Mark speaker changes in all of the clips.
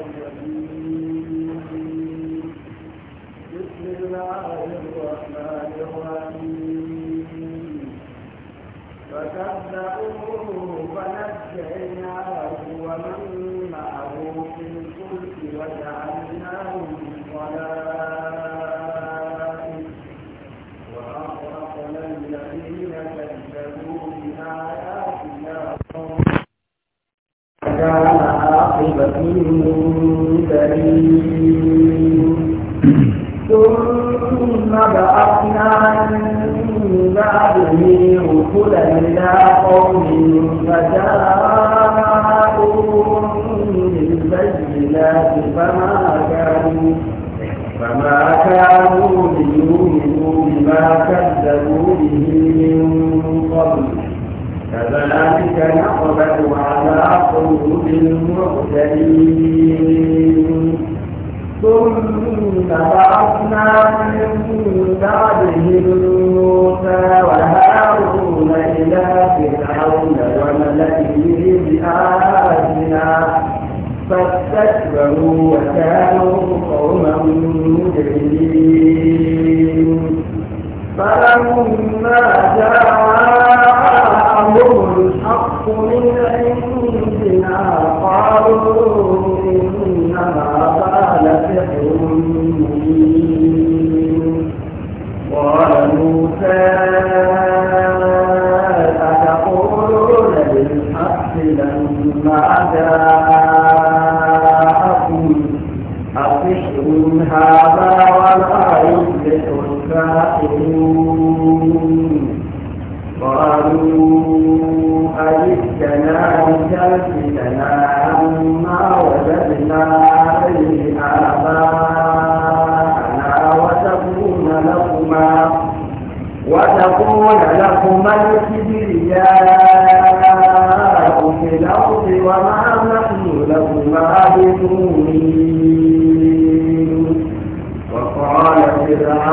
Speaker 1: الرجيم Gracias. هذا ولا يفلح الكافرون قالوا أجئتنا لتلفتنا عما وجدنا عليه آباءنا وتكون لكما وتكون لكما الكبرياء في الأرض وما نحن لكما بمؤمنين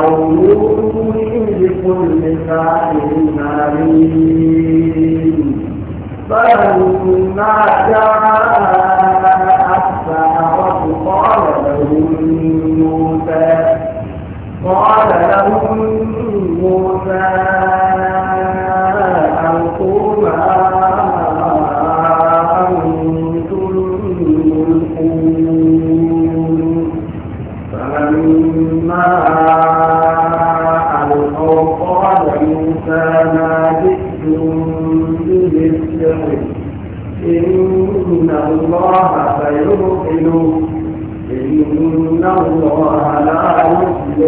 Speaker 1: وقومه بكل ساحر عليم فلما جاء السحرة الله لا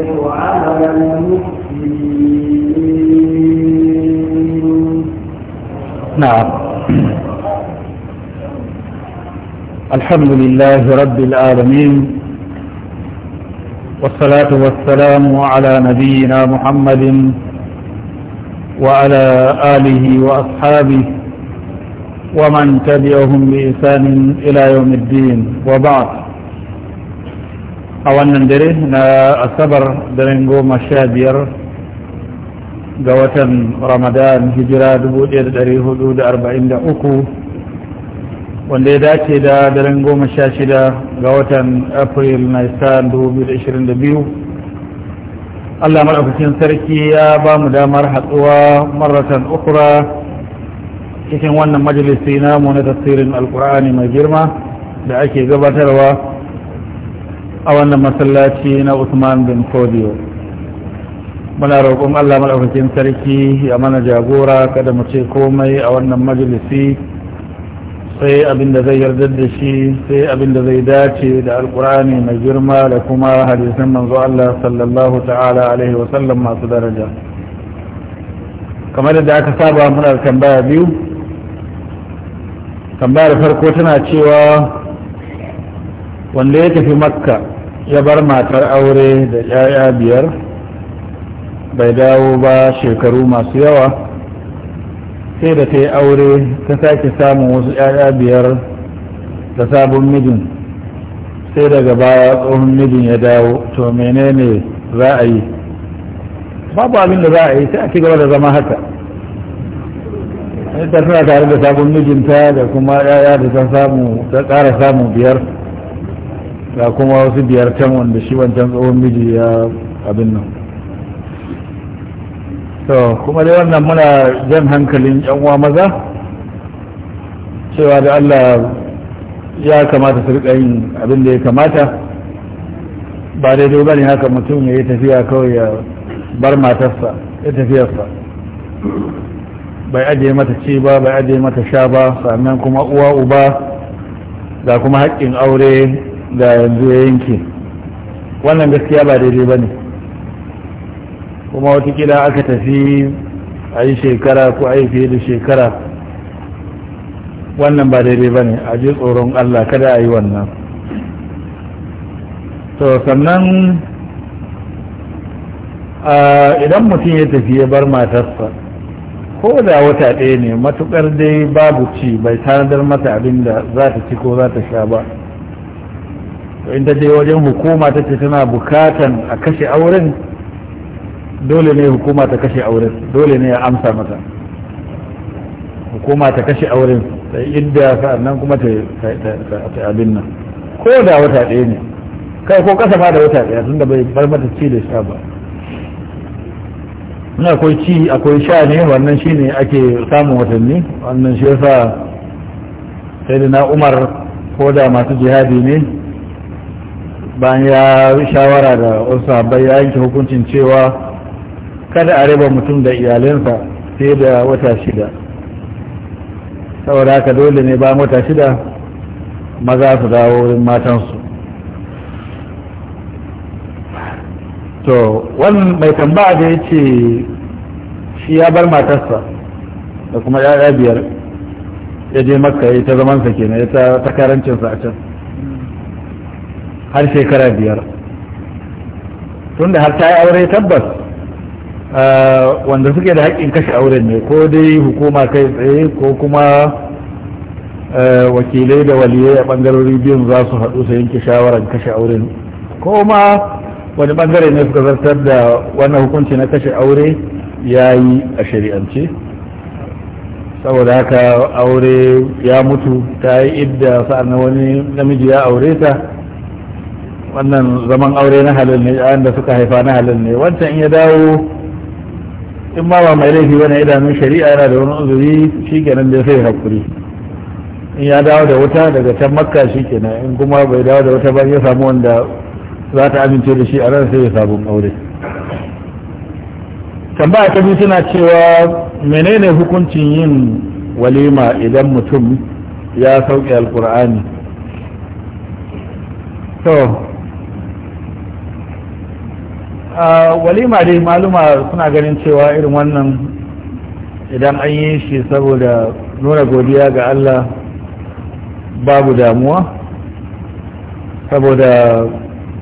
Speaker 2: نعم الحمد لله رب العالمين والصلاة والسلام على نبينا محمد وعلى آله وأصحابه ومن تبعهم بإحسان إلى يوم الدين وبعد a wannan dare na asabar daren goma sha biyar ga watan ramadan hijira 1443 wanda ya dace da daren goma sha shida ga watan april na da biyu. allah maɗaukacin sarki ya ba mu damar hatsuwa maratan ukura cikin wannan majalisi namu na tasirin alkur'ani mai girma da ake gabatarwa a wannan masallaci na Usman bin Fodiyo muna roƙon Allah madaukakin sarki ya mana jagora kada mu ce komai a wannan majalisi sai abin da zai yarda da shi sai abin da zai dace da alƙur'ani mai girma da kuma hadisan manzo Allah sallallahu ta'ala alaihi wa sallam masu daraja kamar da aka saba muna tambaya biyu tambaya da farko tana cewa wanda ya tafi makka ya bar matar aure da 'ya'ya biyar bai dawo ba shekaru masu yawa sai da ta yi aure ta sake samun wasu 'ya'ya biyar da sabon mijin sai daga baya tsohon mijin ya dawo to menene za a yi babu abin da za a yi sai a ci gaba da zama haka ta tana tare da sabon mijinta da kuma 'ya'ya da ta samu ta ƙara samu biyar ga kuma wasu biyar can wanda shi wancan tsohon miji ya abin nan to kuma dai wannan muna jan hankalin yan uwa maza cewa da Allah ya kamata su riƙa yin abin da ya kamata ba dai ba ne haka mutum ya yi tafiya kawai ya bar matarsa ya tafiyarsa bai ajiye mata ci ba bai ajiye mata sha ba sannan kuma uwa uba ga kuma haƙƙin aure da yanzu ya yanke wannan gaskiya ba daidai ba ne kuma watakila aka tafi a yi shekara ko a yi fiye da shekara wannan ba daidai ba ne a ji tsoron allah kada a yi wannan to sannan idan mutum ya tafi ya bar matarsa ko da wata ɗaya ne matukar dai babu ci bai tanadar mata abin da za ta ci ko za ta sha ba to in ta je wajen hukuma ta ce tana bukatan a kashe auren dole ne hukuma ta kashe auren dole ne ya amsa mata hukuma ta kashe auren sai idda sa'annan kuma ta yi abin nan ko da wata ɗaya ne kai ko kasa ba da wata ɗaya tun da bai bar mata ci da sha ba na akwai ci akwai sha ne wannan shi ne ake samun watanni wannan shi yasa sai da na umar ko da masu jihadi ne bayan ya shawara da wasu sahabbai ya yanke hukuncin cewa kada a raba mutum da iyalinsa fiye da wata shida saboda haka dole ne bayan wata shida maza su dawo wurin matansu to wannan mai tambaya da ya ce shi ya bar matarsa da kuma ya biyar ya je makka ya ta zamansa kenan ya ta karancinsa a can har shekara biyar tunda har ta yi aure tabbas wanda suke da haƙƙin kashe aure ne ko dai hukuma kai tsaye ko kuma wakilai da waliyai a ɓangarori biyun za su haɗu su yanke shawarar kashe auren ko ma wani ɓangare ne suka zartar da wannan hukunci na kashe aure ya yi a shari'ance saboda haka aure ya mutu ta yi idda sa'an wani namiji ya aure ta wannan zaman aure na halin ne yayin da suka haifa na halin ne wancan in ya dawo in ma ba mai laifi wani idanun shari'a yana da wani uzuri shi kenan da sai hakuri in ya dawo da wuta daga can makka shi kenan in kuma bai dawo da wuta ba ya samu wanda za ta amince da shi a ran sai ya sabon aure tambaya ta biyu tana cewa menene hukuncin yin walima idan mutum ya sauke alkur'ani to walima dai maluma suna ganin cewa irin wannan idan an yi shi saboda nuna godiya ga Allah babu damuwa saboda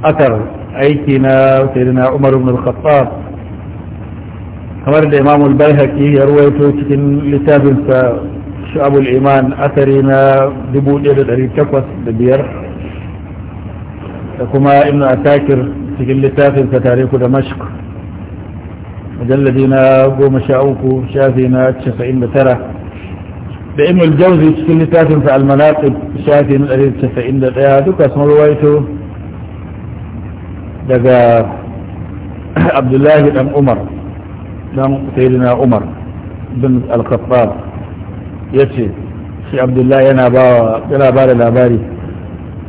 Speaker 2: akar aiki na sayyidina Umar ibn al-Khattab kamar da Imam al bayhaqi ya ruwaito cikin littafinsa al Iman asari na 1805 da kuma Ibn Atakir cikin littafin sa tare ku da mashq mujalladi na goma sha uku shafi na casa'in da tara da imul jauzi cikin littafin sa almanaƙib shafi na ɗari casa'in da ɗaya duka sun ruwaito daga abdullahi ɗan umar ɗan sayyidina umar bin al-khattab ya ce shi abdullahi yana ba da labari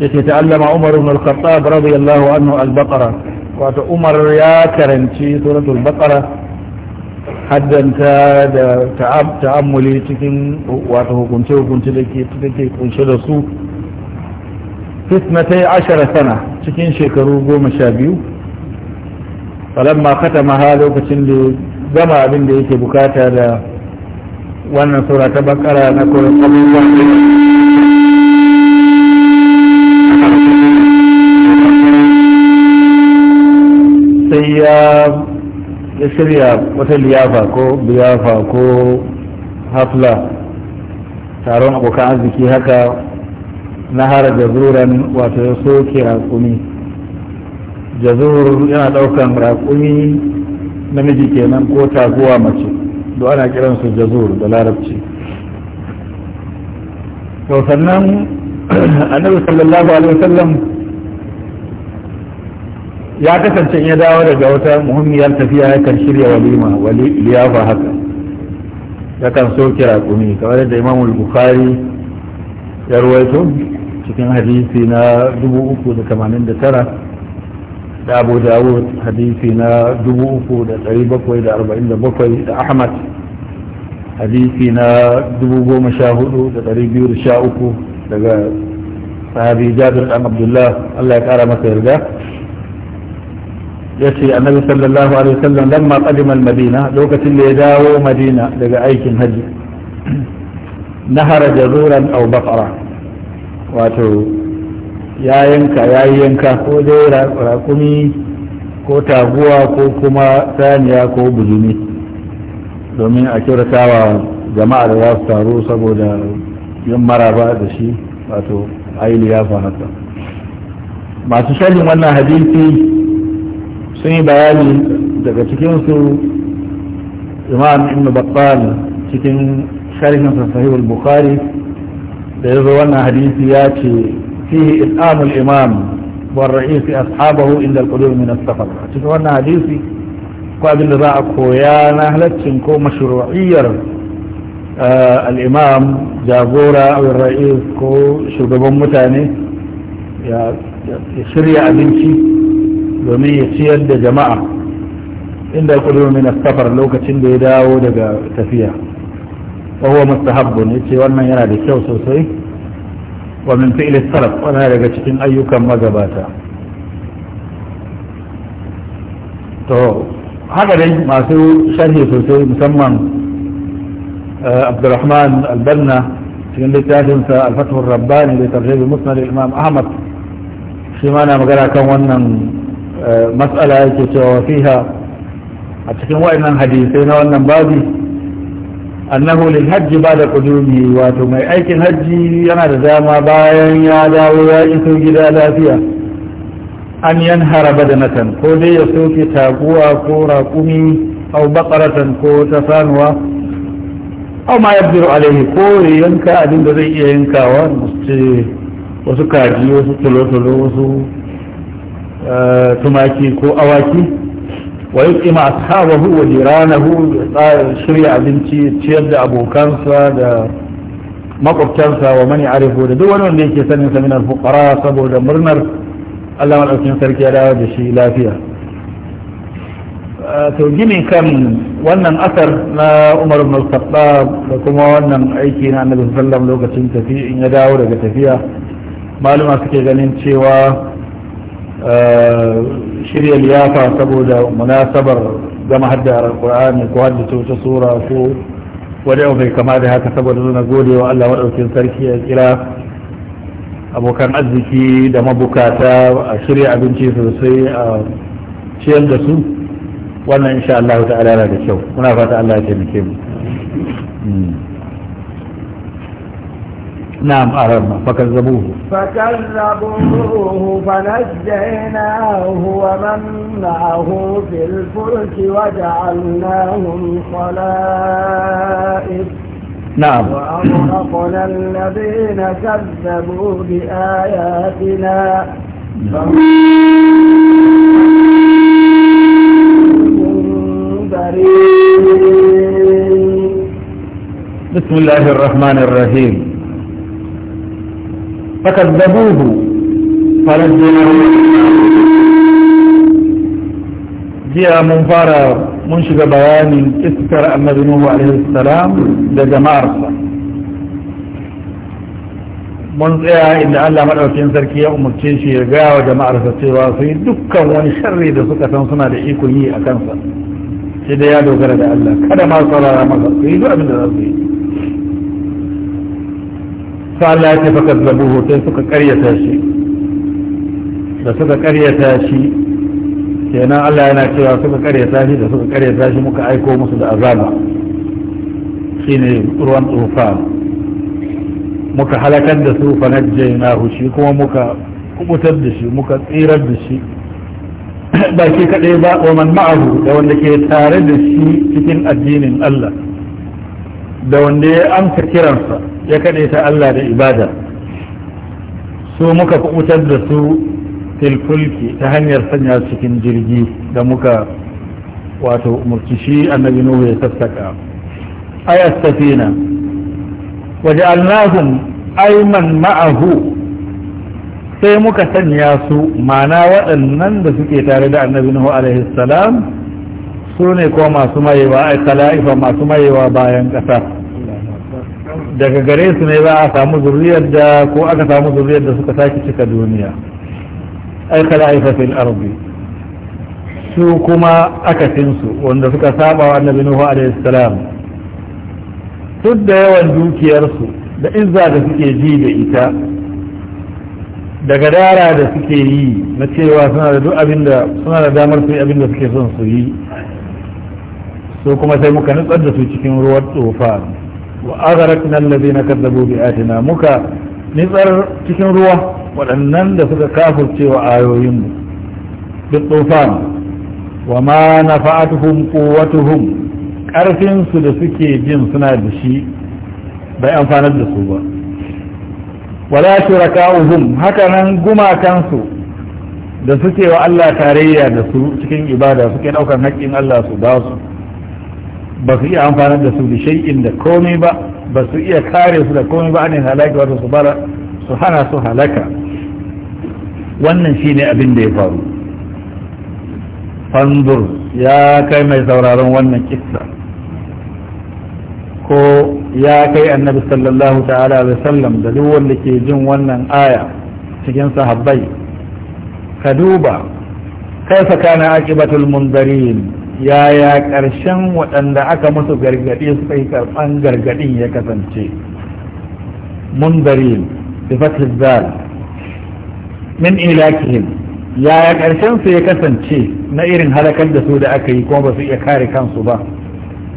Speaker 2: yake ta'allama Umar ibn al-Khattab radiyallahu anhu al-Baqara wato Umar ya karanci suratul Baqara haddanta da ta'ammuli cikin wato hukunce hukunce da ke take kunshe da su fitnatai ashara sana cikin shekaru goma sha biyu falamma katama ha lokacin da gama abin da yake bukata da wannan sura ta bakara na kuma sai ya shirya wata liyafa ko biyafa ko hafla taron abokan arziki haka na hara jazuran wato ya soke raƙumi jazur yana ɗaukan raƙumi namiji kenan ko taguwa mace duk ana kiransu jazur da larabci sannan annabi sallallahu alaihi wasallam ya kasance ya dawo daga wata muhimmiyar tafiya ya kan shirya walima wali liyafa haka ya kan so kira kumi kamar da imam bukhari ya ruwaito cikin hadisi na 389 da abu dawud hadisi na 3747 da ahmad hadisi na 14213 daga sahabi jabir dan abdullah Allah ya kara masa yarda yace annabi sallallahu alaihi wasallam lamma qadima al-madina lokacin da ya dawo madina daga aikin haji nahara jazuran aw baqara wato ya yanka ya yanka ko dai raƙumi ko taguwa ko kuma saniya ko bujumi domin a kyautatawa jama'ar za su taru saboda yin maraba da shi wato ayi liyafa haka masu sharhin wannan hadisi sun yi bayani daga cikinsu imam ibn battal cikin sharhin sahih al-bukhari da yazo wannan hadisi ya ce fihi is'amul imam والرئيس أصحابه إلا القدوم من السفر cikin wannan hadisi ko abin da za a koya na halaccin ko mashru'iyyar al'imam jagora ra'is ko shugaban mutane ya shirya abinci domin ya ciyar da jama'a inda kudu min safar lokacin da ya dawo daga tafiya wahuwa mustahabbun ne ce wannan yana da kyau sosai wa min fi'il sarf wannan daga cikin ayyukan magabata to haka dai masu sharhi sosai musamman آه، عبد الرحمن البنا في اللي تاجم الفتح الرباني لترجيب المسنى للإمام أحمد في مانا مقرى كون مسألة فيها أتكلم وإن حديثين وإن بادي أنه للحج بعد قدومه واتو مي أيك الحج ينار زاما بايا يا داو يا إنسو جدا لا فيها أن ينهر بدنة قولي يسوك تاقوا قورا قمي أو بقرة قوة فانوا au ma yabdiru alaihi ko ya yanka abin da zai iya yankawa wasu kaji wasu tolotolo wasu eh, tumaki ko awaki wa yuqima ashabahu wa jiranahu shirya abinci ciyar da abokansa da makwabtansa wa mani arifu da duk wani wanda yake sanin sa min al saboda murnar Allah madaukakin sarki ya dawo da shi lafiya Ah, ginin kan wannan asar na umar ibn da kuma wannan aiki na annabi sallam lokacin tafi in ya dawo daga tafiya maluma suke ganin cewa ah, shirya liyafa saboda munasabar gama hadda alqur'ani ko hadda ta sura ko wani bai kama da haka saboda nuna gode wa Allah maɗaukin sarki ya kira abokan arziki da mabukata a shirya abinci sosai a ciyar da su wannan insha Allah ta'ala yana da kyau muna fata Allah ya taimake mu نعم أهرنا فكذبوه
Speaker 1: فكذبوه فنجيناه ومن معه في الفلك وجعلناهم خلائف نعم وأغرقنا الذين كذبوا بآياتنا
Speaker 2: بسم الله الرحمن الرحيم فكذبوه فلجنا جاء من فارغ منشد بيان اسكر النبي نوح عليه السلام لجمارسه mun tsaya inda Allah madaukakin sarki ya umarce shi ya gaya wa jama'arsa cewa su yi dukkan wani sharri da suka san suna da ikon yi a kansa sai dai ya dogara da Allah kada ma saurara maka su yi duk abin da za su yi sa Allah ya ce fa kazzabuhu sai suka karyata shi da suka karyata shi kenan Allah yana cewa suka karyata shi da suka karyata shi muka aiko musu da azaba shine ruwan tsufan muka halakar da su na shi kuma muka kubutar da shi muka tsirar da shi ba shi kadai ba wa man ma'ahu da wanda ke tare da shi cikin addinin Allah da wanda ya amsa kiransa ya kaɗe ta Allah da ibada su muka kubutar da su tilfulki ta hanyar sanya cikin jirgi da muka wato umurci annabi nuhu ya sassaka ayat safina waj'alnahum Aiman ma'ahu sai muka sanya su mana waɗannan da suke tare da annabi Nuhu alaihi salam su ne ko masu mayewa ai khala'ifa masu mayewa bayan ƙasa daga gare su ne ba a samu zuriyar da ko aka samu zuriyar da suka sake cika duniya ai khala'ifa fil ardi su kuma akasin su wanda suka saba wa annabi Nuhu alaihi salam duk da yawan dukiyarsu da izza da suke ji da ita daga dara da suke yi na cewa suna da duk abinda suna da damar su yi abinda suke son su yi su kuma sai muka nutsar da su cikin ruwan tsofa wa agharakna allazina kadzabu bi atina muka nitsar cikin ruwa waɗannan da suka kafurce wa ayoyin mu bi tsofa wa ma nafa'atuhum quwwatuhum ƙarfinsu da suke jin suna da shi bai amfanar da su ba wala shuraka'uhum haka nan gumakansu da suke wa Allah tarayya da su cikin ibada suke ɗaukar haƙƙin Allah su ba su ba su iya amfanar da su da shay'in da komai ba ba su iya kare su da komai ba ne halaki wato su bara su hana su halaka wannan shine abin da ya faru fanzur ya kai mai sauraron wannan kissa ko ya kai annabi sallallahu ta'ala wa wasallam da duk wanda ke jin wannan aya cikin sahabbai ka duba kaifa kana aqibatul mundarin yaya ƙarshen waɗanda aka musu gargadi suka yi karɓan gargadin ya kasance mundarin bi fathil dal min ilakihim yaya ƙarshen su ya kasance na irin halakar da su da aka yi kuma ba su iya kare kansu ba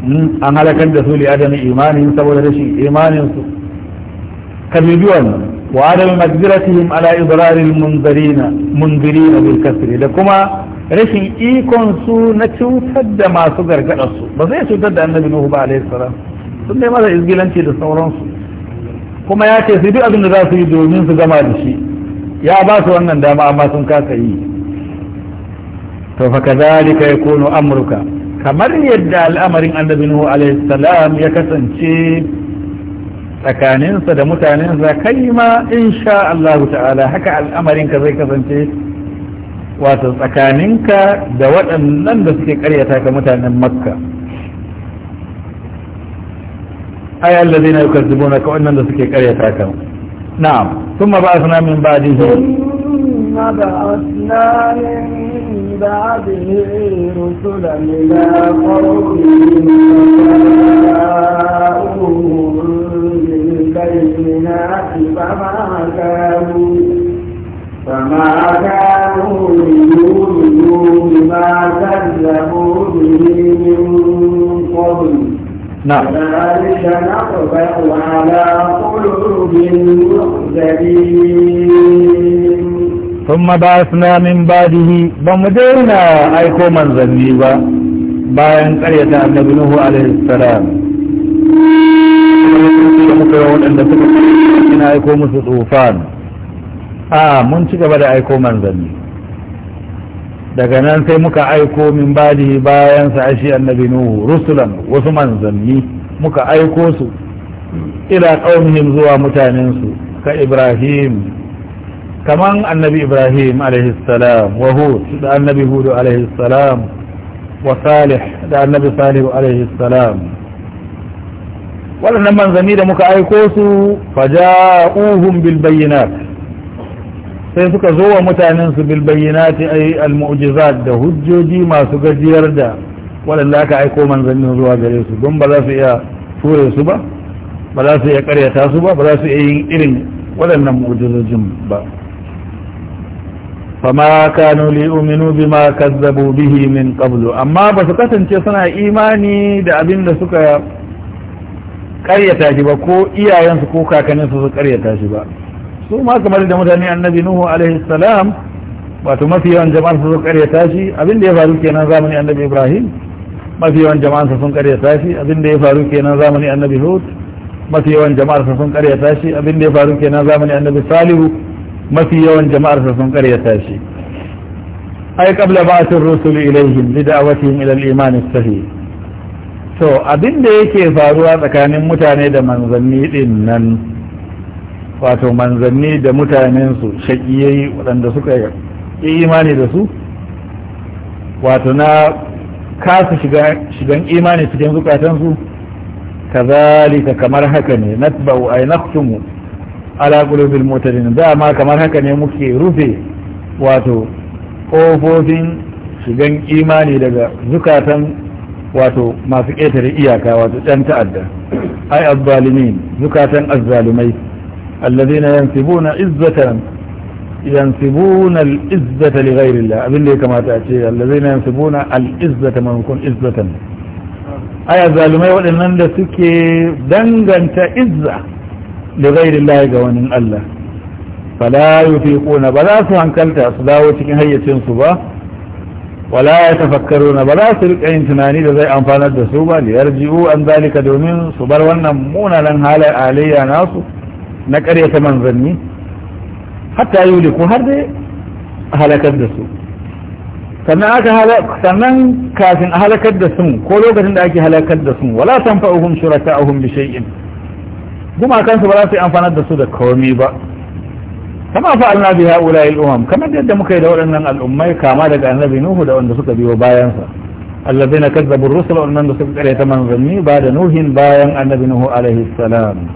Speaker 2: an halakar da su li adamin imanin saboda rashin imanin su kabi biyu wa adam magziratihim ala idraril munzirina munzirina bil kasri da kuma rashin ikon su na cutar da masu gargadar su ba zai cutar da annabi nuhu ba alaihi salam sun dai masa izgilanci da sauransu kuma ya ce su duk abin da za su yi domin su gama da shi ya ba su wannan dama amma sun kasa yi to fa kadhalika yakunu amruka kamar yadda al'amarin annabi nuhu alaihi salam ya kasance tsakaninsa da mutanensa kai ma insha Allah ta'ala haka al'amarin ka zai kasance wato tsakaninka da waɗannan da suke karyata ka mutanen makka ay allazina yukazzibuna ka wannan da suke karyata ka na'am thumma ba'athna min ba'dihi thumma
Speaker 1: ba'athna من بعده رسلا إلى قومهم نعم. فجاءوهم بالبينات فما كانوا فما كانوا ليؤمنوا بما كذبوا به من قبل نعم كذلك نطبع على قلوب المعتدين
Speaker 2: ثم بعثنا من بعده بمدينا أيكو من ba bayan karyata annabi Nuhu alaihi salam muka yi waɗanda suka ina aiko musu tsufan a mun ci gaba da aiko manzanni daga nan sai muka aiko min badihi bayan sa ashi annabi Nuhu rusulan wasu manzanni muka aiko su ila qaumihim zuwa mutanensu ka Ibrahim kaman annabi ibrahim alaihissalam wa hud da annabi hudu alaihissalam wa salih da annabi salihu alaihissalam waɗannan manzanni da muka aiko su faja'uhum bil bayyinat sai suka zo wa mutanen su bil yi ay da hujjoji masu gajiyar da waɗanda aka aiko manzannin zuwa gare su don ba za su iya ture su ba ba za su iya karyata su ba ba za su iya yin irin waɗannan mu'jizojin ba fama kanu li'uminu bima kazzabu bihi min qablu amma ba su kasance suna imani da abin da suka karyata shi ba ko iyayensu ko kakanninsu su karyata shi ba su ma kamar da mutane annabi nuhu alaihi salam wato mafi yawan jama'ar su sun karyata shi abin da ya faru kenan zamani annabi ibrahim mafi yawan jama'ar sun karyata shi abin da ya faru kenan zamani annabi hud mafi yawan jama'ar sun karyata shi abin da ya faru kenan zamani annabi salihu mafi yawan sa sun karyata shi ai qabla ba'atir rusul ilaihim li da'watihim ila al-iman as-sahih to abin da yake faruwa tsakanin mutane da manzanni din nan wato manzanni da mutanen su shakiyai waɗanda suka yi imani da su wato na kasa shigan imani cikin zukatansu kazalika kamar haka ne natba'u ay naqtumu ala qulubil da ma kamar haka ne muke rufe wato kofofin shigan imani daga zukatan wato masu ƙetare iyaka wato ɗan ta'adda ai azzalimin zukatan azzalumai allazina yansibuna izzatan yansibuna al-izzata li ghayrillah abin da ya kamata a ce allazina yansibuna al-izzata man kun izzatan ai azzalumai waɗannan da suke danganta izza da zairin ga wani Allah fala yufi kuna ba za su hankalta su dawo cikin hayyacinsu ba wala ya tafakkaru na ba za su rika yin tunani da zai amfanar da su ba liyar ji'u an zalika domin su bar wannan munanan halar alayya nasu na karya ta manzanni hatta yi ko har dai halakar da su sannan kafin a halakar da su ko lokacin da ake halakar da su wala tanfa'uhum shuraka'uhum bi shay'in gumakansu ba za su yi amfanar da su da komi ba kama fa'alna bi ha'ula'i al'umam kamar yadda muka yi da waɗannan al'ummai kama daga annabi nuhu da wanda suka biyo bayansa allazina kazzabu rusula wannan da suka kare ta manzanni ba da nuhin bayan annabi nuhu alaihi salam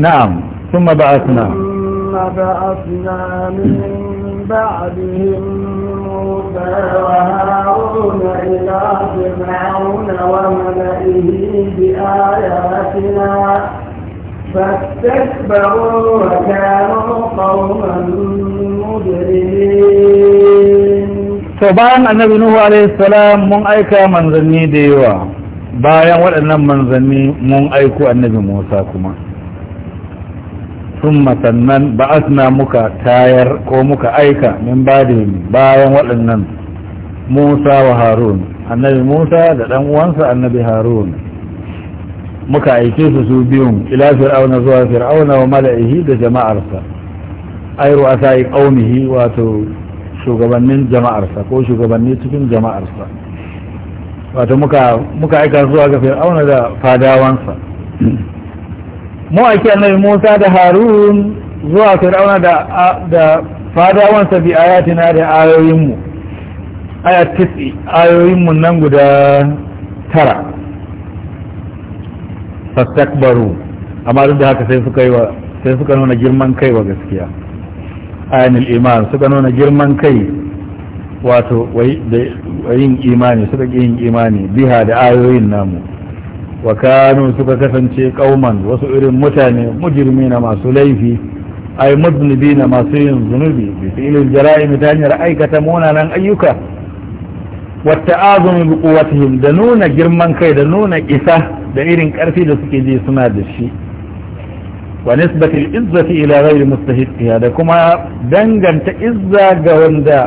Speaker 2: na'am thumma ba'athna
Speaker 1: thumma ba'athna min ba'dihim موسى وهارون إلى فرعون وملئه بآياتنا فاستكبروا وكانوا قوما مجرمين
Speaker 2: to bayan annabi nuhu alaihi salam mun aika manzanni da yawa bayan waɗannan manzanni mun aiko annabi musa kuma sun sannan ba'asna muka tayar ko muka aika min badin bayan waɗannan musa wa harun annabi musa da ɗan uwansa annabi harun muka aike su su biyun ila fir'auna zuwa fir'auna wa mala'ihi da jama'arsa ai ru'asa yi qaumihi wato shugabannin jama'arsa ko shugabanni cikin jama'arsa wato muka muka aika zuwa ga fir'auna da fadawansa mu aiki annabi Musa da Harun zuwa fir'auna da da fadawansa bi ayatina da ayoyinmu ayat tis'i ayoyinmu nan guda tara fastakbaru amma duk da haka sai suka yi wa sai suka nuna girman kai wa gaskiya ayanil iman suka nuna girman kai wato yin imani suka yin imani biha da ayoyin namu wa kanu suka kasance kauman wasu irin mutane mujirmi na masu laifi ai muznubi na masu yin zunubi bi fi'ilil jara'im ta hanyar aikata munanan ayyuka wa ta'azumu bi quwwatihim da nuna girman kai da nuna isa da irin karfi da suke ji suna da shi wa nisbatil izzati ila ghairi mustahiqiha da kuma danganta izza ga wanda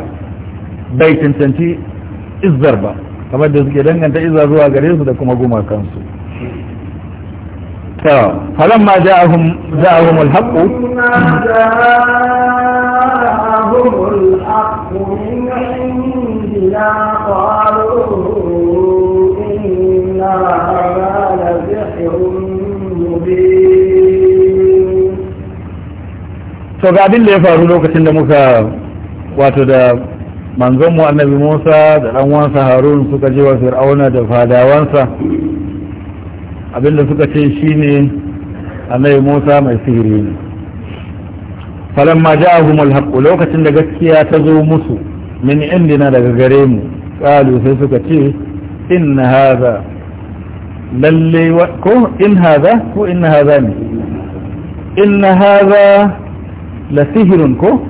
Speaker 2: bai cancanci izzar ba kamar da suke danganta izza zuwa gare su da kuma gumakansu فلما جاءهم جاءهم الحق
Speaker 1: لما جاءهم الحق من عندنا قالوا إنا
Speaker 2: to ga abin da ya faru lokacin da muka wato da manzon mu annabi Musa da dan uwansa Harun suka je wa Fir'auna da fadawansa da suka ce shine annabi Musa mai sihiri ne falamma ja'ahum al lokacin da gaskiya ta zo musu min indina daga gare mu qalu sai suka ce in hadha lalle ko in hadha ko in hadha ne in hadha la sihirun ko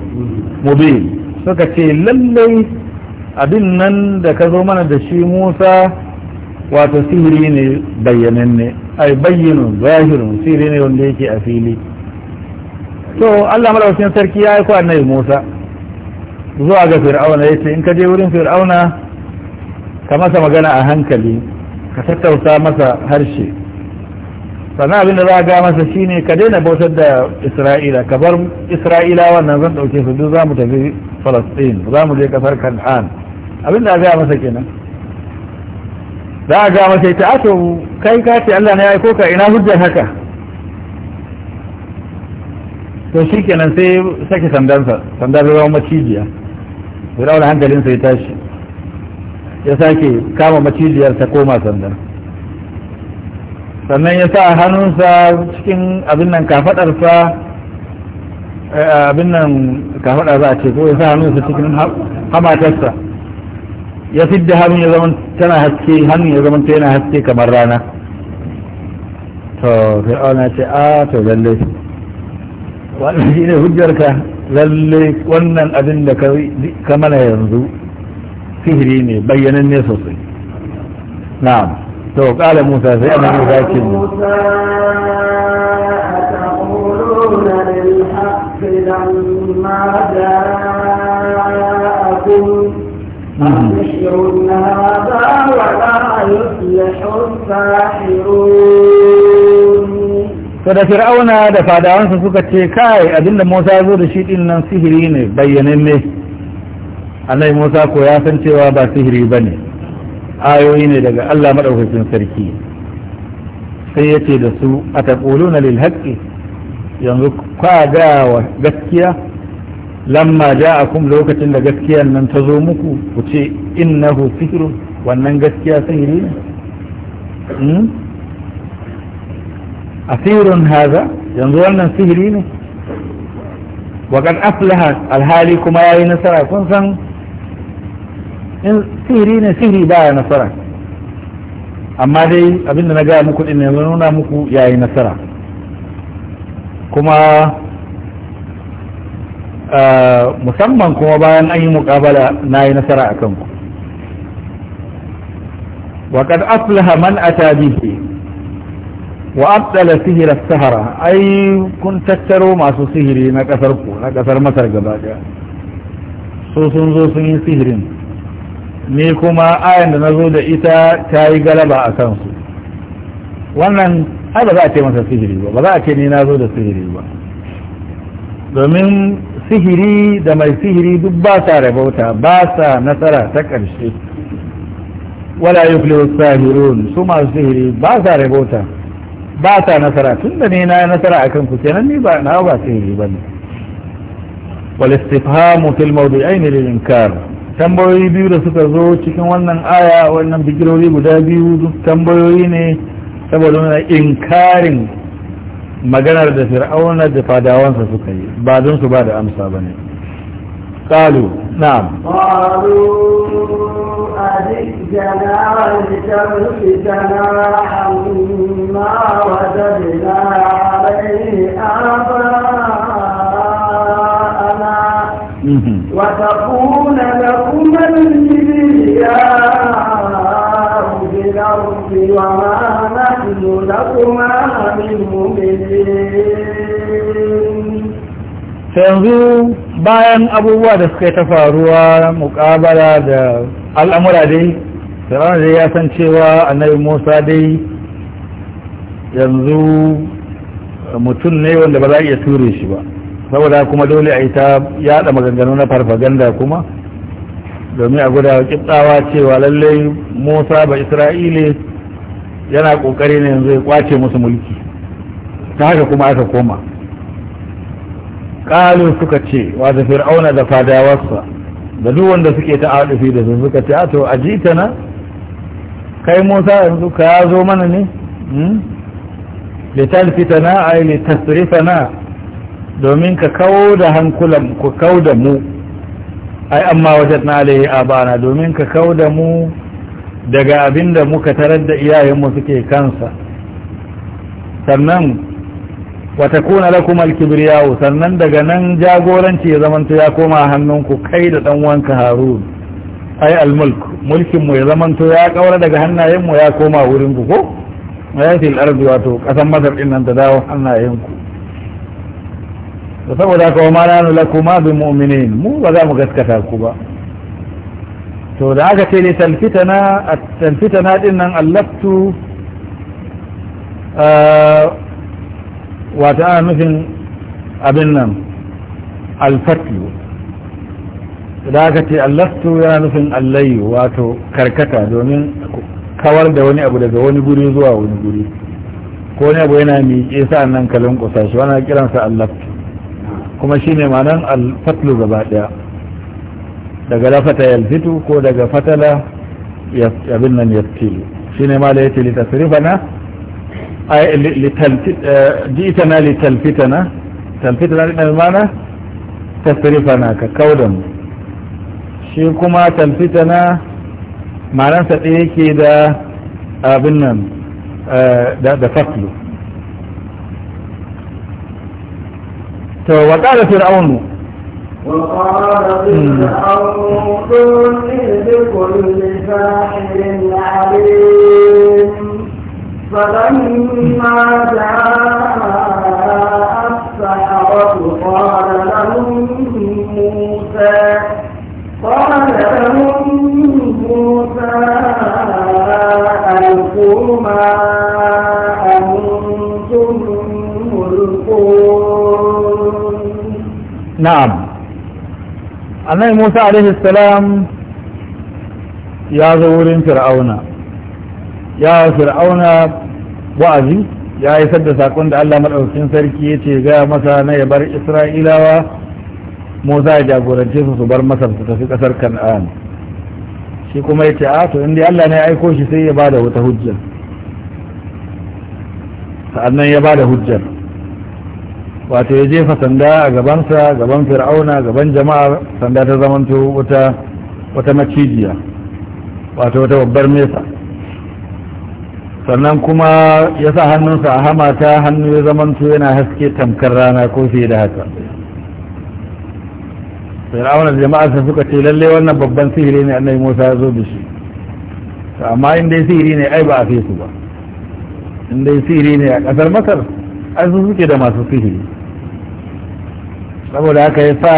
Speaker 2: mubin suka ce lallai abin nan da ka zo mana da shi Musa wato sihiri ne ne ai bayyinun zahirun sihiri ne wanda yake a fili to Allah madaukakin sarki ya yi aiko annabi Musa zuwa ga Fir'auna ya ce in ka je wurin Fir'auna ka masa magana a hankali ka tattausa masa harshe sannan abin da za a ga masa shine ka daina bautar da isra'ila ka bar isra'ila wannan zan dauke su duk za mu tafi falastin za mu je kasar kan'an abin da a ga masa kenan za a ga masa ita ato kai ka ce allah ne ya aiko ka ina hujjar haka to shi kenan sai sake sandansa sandar ruwan macijiya ya daura hankalinsa ya tashi ya sake kama macijiyar ta koma sandar sannan ya sa hannunsa cikin abin nan kafadarsa eh, abin nan kafadar za a ce ko ya sa hannunsa cikin hamatarsa ya fidda hannun ya zama tana haske hannun ya zama yana haske kamar rana to fir'auna ce a to lalle wannan shi ne hujjarka lalle wannan abin da ka mana yanzu sihiri ne bayyanan ne sosai na'am to kala musa sai annabi musa ya
Speaker 1: ce أبشر هذا ولا
Speaker 2: to da fir'auna da fadawansa suka ce kai abinda Musa ya zo da shi din nan sihiri ne ne annabi Musa ko ya san cewa ba sihiri bane ayoyi ne daga Allah madaukakin sarki sai yace da su ataquluna na haqqi yanzu kwa ga wa gaskiya lamma ja'akum lokacin da gaskiyan nan ta zo muku ku ce innahu sihrun wannan gaskiya sihiri ne a asirun haza yanzu wannan sihiri ne wa kan aflaha alhali kuma ya yi nasara kun san in sihiri ne sihiri baya nasara amma dai abinda na gaya muku ɗin nuna muku yayi nasara kuma musamman kuma bayan an yi muƙabala na yi nasara a kanku waƙar asliha man ata bihi wa abdala sihira sahara ai kun tattaro masu sihiri na ƙasar ku na ƙasar masar gaba ɗaya so sun zo sun yi sihirin ni kuma ayan da na zo da ita ta yi galaba a kansu wannan ai ba za a ce masa sihiri ba ba za a ce ni na zo da sihiri ba domin sihiri da mai sihiri duk ba sa rabauta ba sa nasara ta ƙarshe wala yuflihu sahirun su masu sihiri ba sa rabauta ba sa nasara tun da ne na nasara akan ku kenan ni ba na ba sihiri ba ne wal istifhamu fil mawdi'ain lil inkar tambayoyi biyu da suka zo cikin wannan aya wannan bigirori guda biyu duk tambayoyi ne saboda wani inkarin maganar da fir'auna da fadawansa suka yi ba don su ba da amsa ba ne قالوا نعم
Speaker 1: قالوا أجئتنا عما وجدنا عليه آباءنا وتقول لكم
Speaker 2: yanzu bayan abubuwa da suka yi ta faruwa mukabala da al'amura dai fir'aun da ya san cewa annabi musa dai yanzu mutum ne wanda ba za a iya ture shi ba saboda kuma dole a yi ta yada maganganu na farfaganda kuma domin a gudawa tsawa cewa lallai musa ba isra'ili yana kokari ne yanzu ya kwace musu mulki ta haka kuma aka koma ƙalin suka ce wata fir'auna da fadawarsa da duk wanda suke ta aɗufi da su suka ce ato a na kai musa yanzu ka ya zo mana ne hmm? litalfitana ai na domin ka kawo da hankulan ku kawo da mu ai amma wajen na alaihi abana domin ka da mu daga abin da muka tarar da iyayenmu suke kansa sannan wata kuna kuma alkibriyahu sannan daga nan jagoranci ya zamanta ya koma hannunku kai da dan wanka harun ai almulk mulkin ya zamanta ya kaura daga hannayenmu ya koma wurin ku ko ayatil ardi wato kasan masar din nan ta dawo hannayenku da saboda haka wa mana nuna kuma bi mu'minin mu ba za mu gaskata ku ba to da aka ce ne talfita a talfitana din nan allaftu ah, wata ana nufin abin nan alfatlu da aka ce allaftu yana nufin allayu wato karkata domin kawar da wani abu daga wani guri zuwa wani guri ko wani abu yana miƙe sa'an nan kalin kusa shi wani kiransa allaftu kuma shi ne manan alfatlu gaba daya daga lafata fito ko daga fatala bin nan shi ne ma da yace litasrifana ay na eh, ji'tana litalfitana talfitana din ta tasrifana ka kaudan shi kuma talfitana ma'anarsa ɗaya yake da abin nan eh, da fatlu تو وقال فرعون
Speaker 1: وقال فرعون بكل ساحر عليم فلما جاء
Speaker 2: na'am annai musa alaihi salam ya zo wurin fir'auna ya fir'auna wa'azi ya yi sadda sakon da allah maɗaukin sarki ya ce gaya masa na ya bar isra'ilawa musa ya jagorance su su bar masar su tafi kasar kan'an shi kuma ya ce a to inda allah ne ya aiko shi sai ya bada wata hujjar sa'annan ya ba da hujjar wato ya jefa sanda a gabansa gaban fir'auna gaban jama'a sanda ta zamanto wata wata macijiya wato wata babbar mesa sannan kuma ya sa hannunsa a hamata hannu ya zamanto yana haske tamkar rana ko fiye da haka fir'auna da jama'arsa suka ce lalle wannan babban sihiri ne annabi musa ya zo da shi amma in dai sihiri ne ai ba a fesu ba in dai sihiri ne a ƙasar masar ai suke da masu sihiri saboda haka ya sa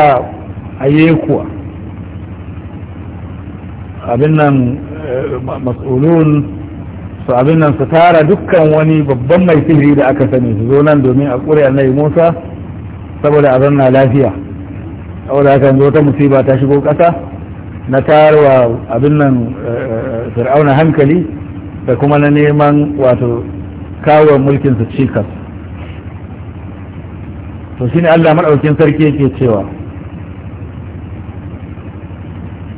Speaker 2: a kuwa abin nan eh, matsulun su abin nan su tara dukkan wani babban mai sihiri da aka sani su zo nan domin a ƙure annabi Musa saboda a zanna lafiya saboda haka zo ta musiba ta shigo ƙasa na tarwa abin nan eh, eh, fir'auna hankali da kuma na neman wato kawo mulkin su cikas to shi ne Allah madaukin sarki yake cewa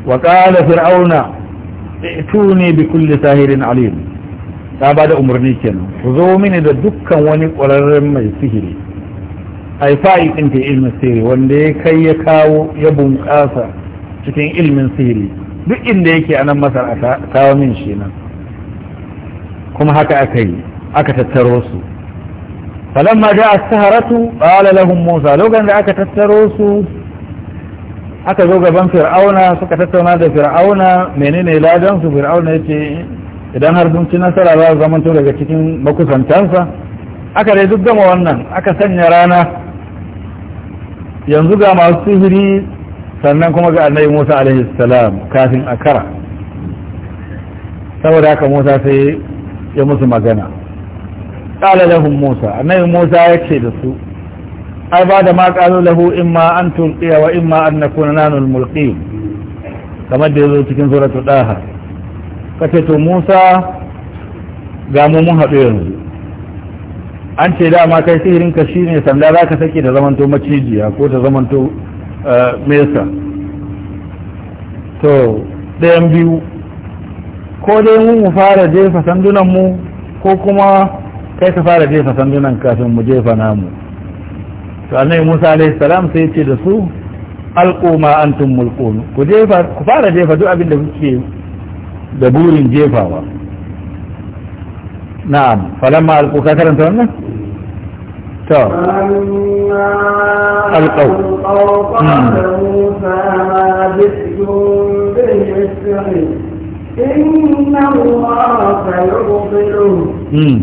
Speaker 2: wa qala fir'auna ituni bi kulli sahirin alim ta ba da umarni kenan ku zo mini da dukkan wani ƙwararren mai sihiri ai fa'i din ke ilmin sihiri wanda ya kai ya kawo ya bunƙasa cikin ilmin sihiri duk inda yake a nan masar a kawo min shi nan kuma haka aka yi aka tattaro su فلما جاء السهرة قال لهم موسى لو كان ذاك تتروسوا aka zo gaban fir'auna suka tattauna da fir'auna menene ladan su fir'auna yace idan har sun ci nasara za su zamanto daga cikin makusantansa aka dai duk gama wannan aka sanya rana yanzu ga masu sihiri sannan kuma ga annabi Musa alaihi salam kafin kara, saboda haka Musa sai ya musu magana qala lahum musa annabi musa yace da su ai ba da ma qalu lahu imma an tulqiya wa imma an nakuna nanu almulqin kamar da yazo cikin suratul daha kace to musa ga mun haɗu yanzu an ce dama kai sihirin shine sanda za ka sake ta zamanto macijiya ko ta mesa to ɗayan biyu ko dai mu mu fara jefa sandunan mu ko kuma sai ka fara jefa sandunan kafin mu jefa namu to annabi Musa alaihi salam sai ce da su alqu ma antum mulqun ku jefa ku fara jefa duk abin da kuke da burin jefawa na'am falamma alqu ka karanta wannan to alqau
Speaker 1: hmm. Musa إن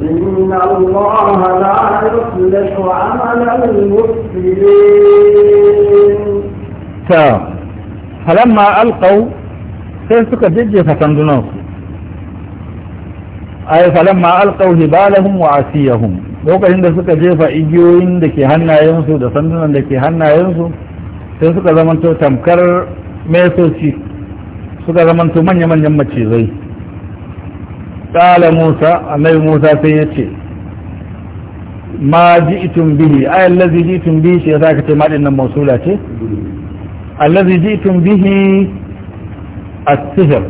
Speaker 1: الله لا يصلح عمل المفسدين
Speaker 2: ta falamma sai suka sandunansu wa lokacin da suka jefa igiyoyin da ke hannayensu da sandunan da ke hannayensu sai suka zamanto tamkar mesoci suka zamanto manya-manyan macizai ƙala musa annabi musa sai ya ce ma ji ji'tum bihi ay ji ji'tum bihi shi yasa kace ma din nan mausula ce allazi ji'tum bihi a sihr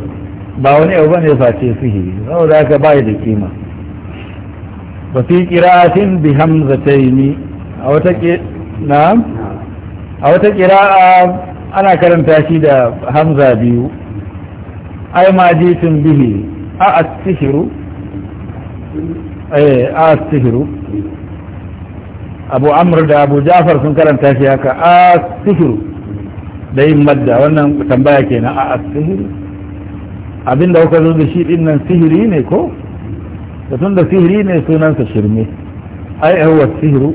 Speaker 2: ba wani abu bane face sihiri saboda haka bai da kima wa fi qira'atin bi hamzataini a wata na'am a wata qira'a ana karanta shi da hamza biyu ai ma ji ji'tum bihi a sihiru eh, abu amur da abu jafar sun karanta shi haka a sihiru da yin madda wannan tambaya kenan a sihiru abinda kuka zo da shi din nan sihiri ne ko da tun da sihiri ne sunansa shirme ai huwa sihiru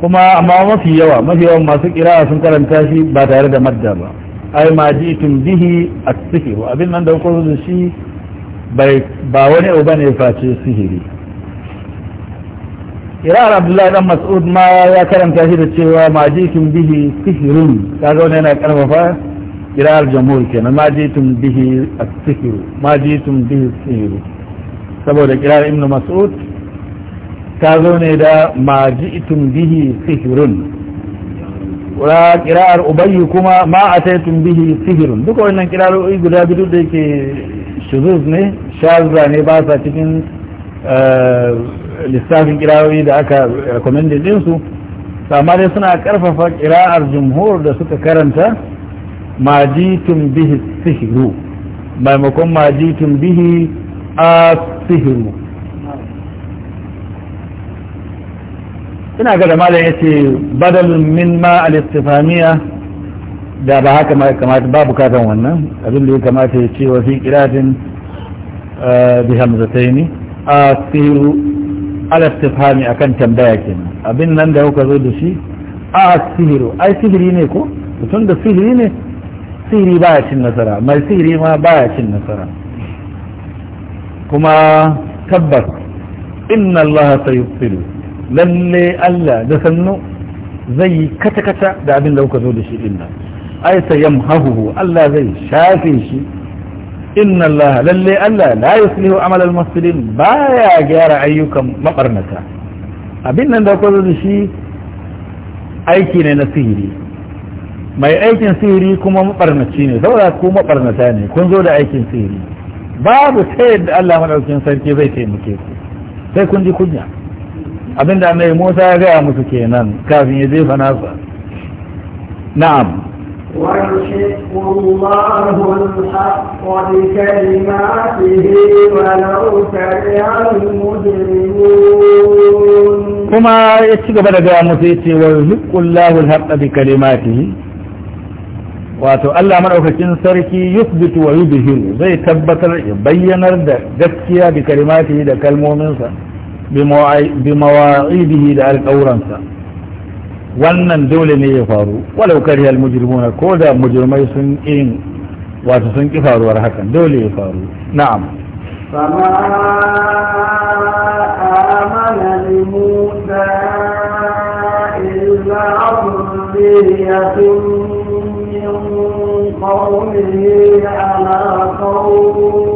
Speaker 2: kuma amma mafi yawa mafi yawan masu kira sun karanta shi ba tare da madda ba ai ma jitum bihi as abin nan da kuka zo shi bai ba wani abu bane face sihiri kirar abdullahi dan mas'ud ma ya karanta shi da cewa ma jitum bihi sihrun ta zaune yana karfafa kirar jamhur kenan ma jitum bihi a ma jitum bihi as saboda kirar ibn mas'ud ta zo da ma ji jitum bihi sihirun. wa kira'ar ubayyi kuma ma a tun bihi sihirun duka wannan kira'ar'o'i guda biyu da yake shuzuz ne shazza ne ba sa cikin eh, lissafin kira'ar'o'i da aka recommended ɗinsu amma dai suna karfafa kira'ar jumhur da suka karanta tun bihi sihiru maimakon tun bihi a sihiru ina ga da malam yace badal min ma al da ba haka kamata ba bukatan wannan abin da ya kamata ya ce wa fi kiratin eh, bi hamzataini a al-istifami akan tambaya kenan abin nan da kuka zo da shi sihiru ai sihiri ne ko mutum da sihiri ne sihiri ba ya cin nasara mai sihiri ma ba ya cin nasara kuma tabbas inna allaha sayusiru lalle Allah da sannu zai yi kata-kata da abin da kuka zo da shi din ai ai sayamhahu Allah zai shafe shi inna Allah lalle Allah la yuslihu amal al-mufsidin baya gyara ayyukan mabarnata abin nan da kuka zo da shi aiki ne na sihiri mai aikin sihiri kuma mabarnaci ne saboda ku mabarnata ne kun zo da aikin sihiri babu ta yadda Allah madaukakin sarki zai taimake ku sai kun ji kunya abinda annabi Musa ya gaya musu kenan kafin ya jefa nasa na'am
Speaker 1: ويحق الله الحق بكلماته ولو كره المجرمون
Speaker 2: كما يتشغب لك يا مسيتي ويحق الله الحق بكلماته wato Allah madaukakin sarki yusbitu wa yubhiru zai tabbatar ya bayyanar da gaskiya bi kalimatihi da kalmominsa بمواعيده da alƙawuransa wannan dole ne ya faru walau kariya almujrimuna ko da mujrimai sun in wato sun ki faruwar hakan dole ya faru na'am
Speaker 1: فما آمن لموسى إلا ذرية من قومه على قوم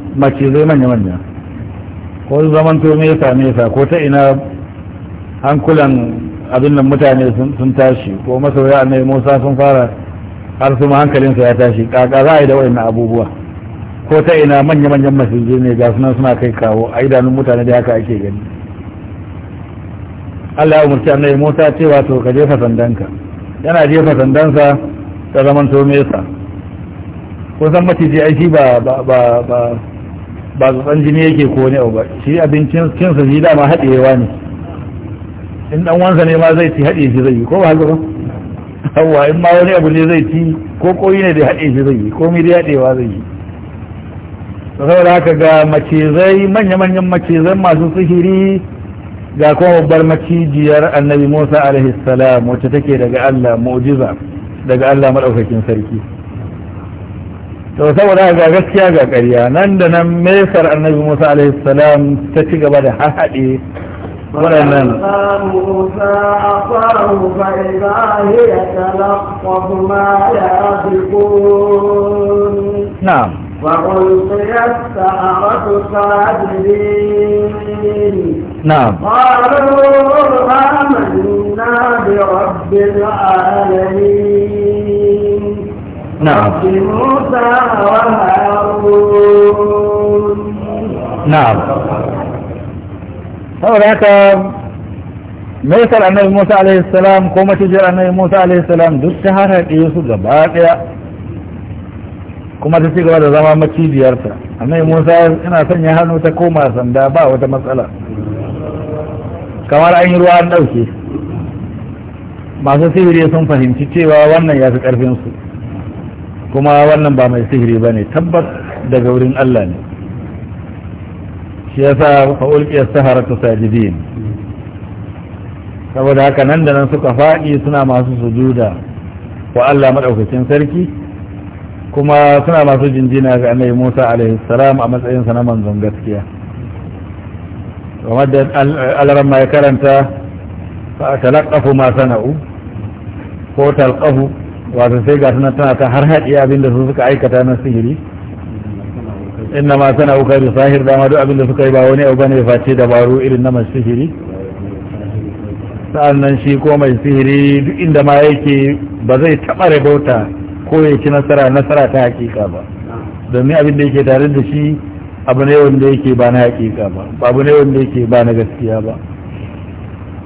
Speaker 2: Mace zai manya-manya ko zaman to mesa mesa ko ta ina hankulan abin nan mutane sun tashi ko masoya annabi musa sun fara har su hankalinsa ya tashi kaka za a yi da wayannan abubuwa ko ta ina manya-manyan masjidai ne ga sunan suna kai kawo a idanun mutane da haka ake gani Allah ya umarci annabi Musa cewa to ka jefa sandanka yana jefa sandansa ta zaman to mesa ko san maciji aiki ba ba ba ba su san jini yake ko ne ba shi abincin cinsa ji dama haɗewa ne in dan wansa ne ma zai ci haɗe shi zai yi ko ba haka ba hawa in ma wani abu ne zai ci ko koyi ne da haɗe shi zai yi ko mi da haɗewa zai yi saboda haka ga macizai manya-manyan macizai masu sihiri ga kuma babbar macijiyar annabi musa alaihi salam wacce take daga allah mu'jiza daga allah maɗaukakin sarki to saboda ga gaskiya ga ƙarya nan da nan mesar annabi musa alaihi salam ta ci gaba da haɗe waɗannan
Speaker 1: na'am وألقي السحرة ساجدين نعم قالوا آمنا برب العالمين نعم موسى وهارون
Speaker 3: نعم
Speaker 2: saboda haka maisar annabi musa salam ko matijar annabi musa salam duk ta harhaɗe su gaba ɗaya kuma ta ci gaba da zama macibiyarta annabi musa ina sanya hannu ta koma sanda ba wata matsala kamar an yi ruwa an ɗauke masu sihiri sun fahimci cewa wannan ya fi ƙarfinsu kuma wannan ba mai sihiri ba ne tabbas daga wurin Allah ne shi yasa fa'ulƙiyar sahara ta sajidin saboda haka nan da nan suka faɗi suna masu sujuda wa Allah maɗaukacin sarki kuma suna masu jinjina ga annabi Musa alaihi salam a matsayinsa na manzon gaskiya kamar da alaran ya karanta fa talaqafu ma sana'u ko talqafu wato sai ga suna tana ta har haɗi abinda su suka aikata na sihiri inna ma sana uka da sahir dama duk abinda suka yi ba wani abu bane face dabaru irin na mai sihiri sa'annan shi ko mai sihiri duk inda ma yake ba zai taɓa rabauta ko ya ci nasara nasara ta haƙiƙa ba domin abin da yake tare da shi abu ne wanda yake ba na haƙiƙa ba abu ne wanda yake ba na gaskiya ba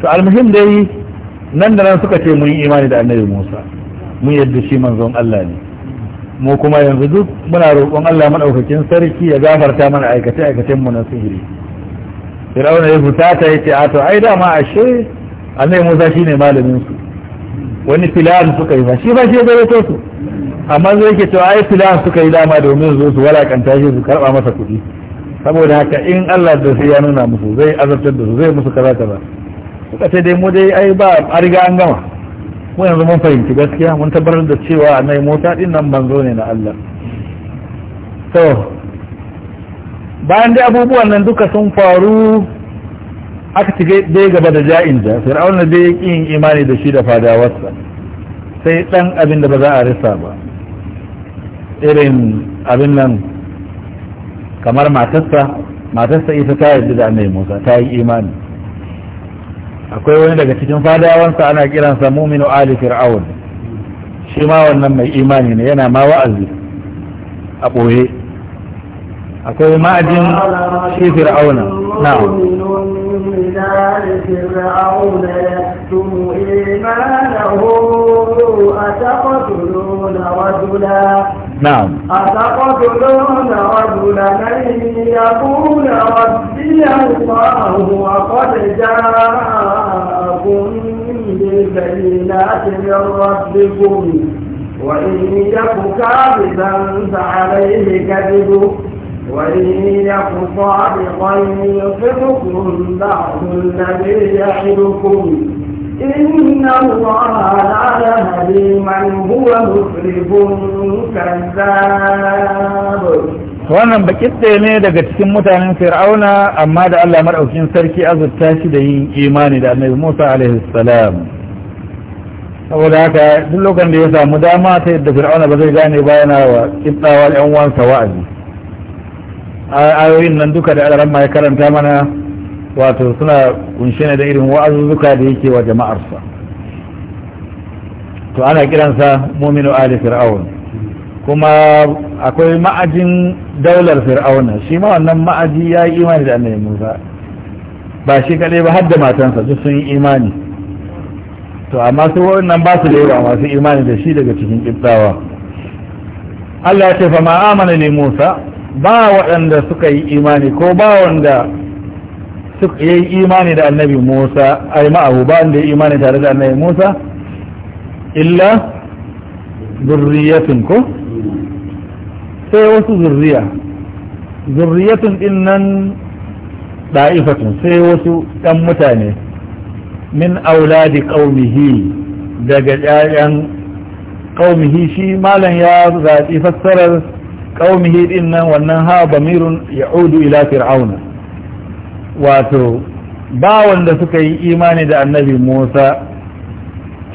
Speaker 2: to almuhim dai nan da nan suka ce mun yi imani da annabi Musa mun yadda shi manzon Allah ne mu kuma yanzu duk muna roƙon Allah madaukakin sarki ya gafarta mana aikace aikacen mu na sihiri Fir'auna ya ta yace a to ai dama ashe Annabi Musa shine malamin su wani filan suka yi ba shi ba shi da to su amma zai ke to ai filan suka yi dama domin zo su walakanta shi su karba masa kuɗi saboda haka in Allah da sai ya nuna musu zai azabtar da su zai musu kaza kaza suka ce dai mu dai ai ba a riga an gama mu yanzu mun fahimci gaskiya mun tabbatar da cewa a nai mota din nan manzo ne na Allah to bayan dai abubuwan nan duka sun faru aka ci dai gaba da ja'in fir'aun fir'auna ya yin imani da shi da fadawarsa sai dan abin da ba za a risa ba irin abin nan kamar matarsa matarsa ita ta yarda da nai mota ta yi imani akwai wani daga cikin fadawansa ana kiransa muminu ali fir'aun shi ma wannan mai imani ne yana ma wa'azi a ɓoye akwai ma'ajin shi fir'auna na.
Speaker 1: فرعون نعم أتقتلون رجلا يقول ربي الله وقد جاءكم بالبينات من ربكم وإن يك كاذبا فعليه كذبه وإن يك صادقا يصدكم بعض الذي يعدكم إن الله لا يهدي من هو مسرف كذاب
Speaker 2: wannan bakitse ne daga cikin mutanen fir'auna amma da Allah maraukin sarki azurta shi da yin imani da annabi Musa alaihi salam saboda haka duk lokacin da ya samu dama ta yadda fir'auna ba zai gane ba yana wa kitsawa yan uwansa wa'azi ayoyin nan duka da alaran ya karanta mana wato suna kunshe ne da irin wa'azuzzuka da yake wa jama'arsa to ana kiransa muminu ali fir'aun kuma akwai ma'ajin daular fir'auna shi ma wannan ma'aji ya yi imani da annabi musa ba shi kadai ba har da matansa duk sun yi imani to amma su wannan ba su da yawa masu imani da shi daga cikin kibtawa Allah ya ce fa ma amana ne Musa ba waɗanda suka yi imani ko ba wanda ya yi imani da annabi musa ai ma'ahu ba da ya imani tare da annabi musa illa zurriyatin ko sai wasu zurriya zurriyatin din nan da'ifatun sai wasu ɗan mutane min auladi qaumihi daga ƴaƴan qaumihi shi malam ya zaɓi fassarar qaumihi din nan wannan ha bamirun ya'udu ila fir'auna wato ba wanda suka yi imani da annabi Musa